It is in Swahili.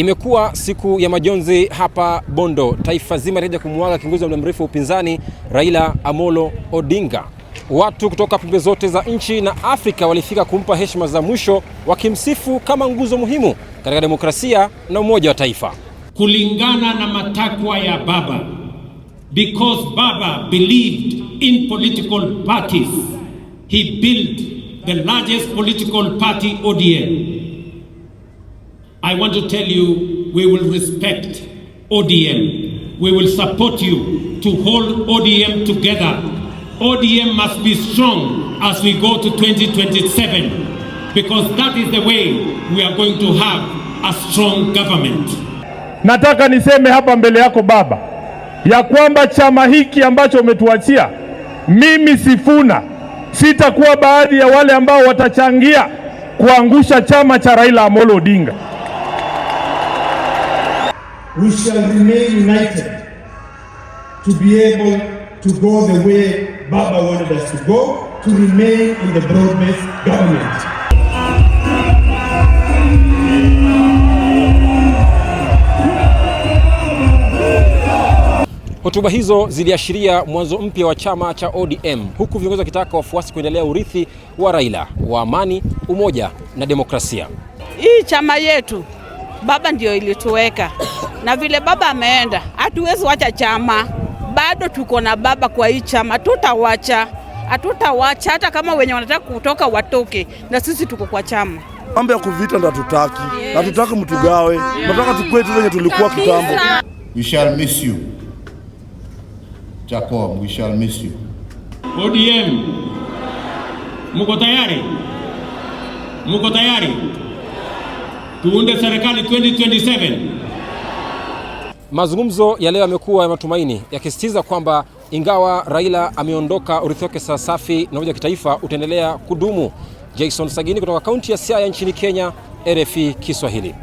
Imekuwa siku ya majonzi hapa Bondo, taifa zima litakuja kumwaga kiongozi wa muda mrefu wa upinzani Raila Amolo Odinga. Watu kutoka pembe zote za nchi na Afrika walifika kumpa heshima za mwisho, wakimsifu kama nguzo muhimu katika demokrasia na umoja wa taifa, kulingana na matakwa ya baba, because baba believed in political parties he built the largest political party ODM I want to tell you, we will respect ODM. We will support you to hold ODM together. ODM must be strong as we go to 2027 because that is the way we are going to have a strong government. Nataka niseme hapa mbele yako baba, ya kwamba chama hiki ambacho umetuachia, mimi Sifuna sitakuwa baadhi ya wale ambao watachangia kuangusha chama cha Raila Amolo Odinga we shall remain united to be able to go the way Baba wanted us to go, to remain in the broad-based government. Hotuba hizo ziliashiria mwanzo mpya wa chama cha ODM huku viongozi wakitaka wafuasi kuendelea urithi wa Raila wa amani, umoja na demokrasia. Hii chama yetu baba ndio ilituweka na vile baba ameenda, hatuwezi wacha chama, bado tuko na baba kwa hii chama, tutawacha hatutawacha hata kama wenye wanataka kutoka watoke, na sisi tuko kwa chama. Mambo ya kuvita ndo hatutaki, hatutaki mtugawe, nataka tu venye tulikuwa kitambo. We shall miss you Jacob, we shall miss you. ODM, muko tayari? Muko tayari tuunde serikali 2027? Mazungumzo ya leo yamekuwa ya matumaini, yakisisitiza kwamba ingawa Raila ameondoka, urithi wake sasa safi na umoja wa kitaifa utaendelea kudumu. Jason Sagini kutoka kaunti ya Siaya nchini Kenya, RFI Kiswahili.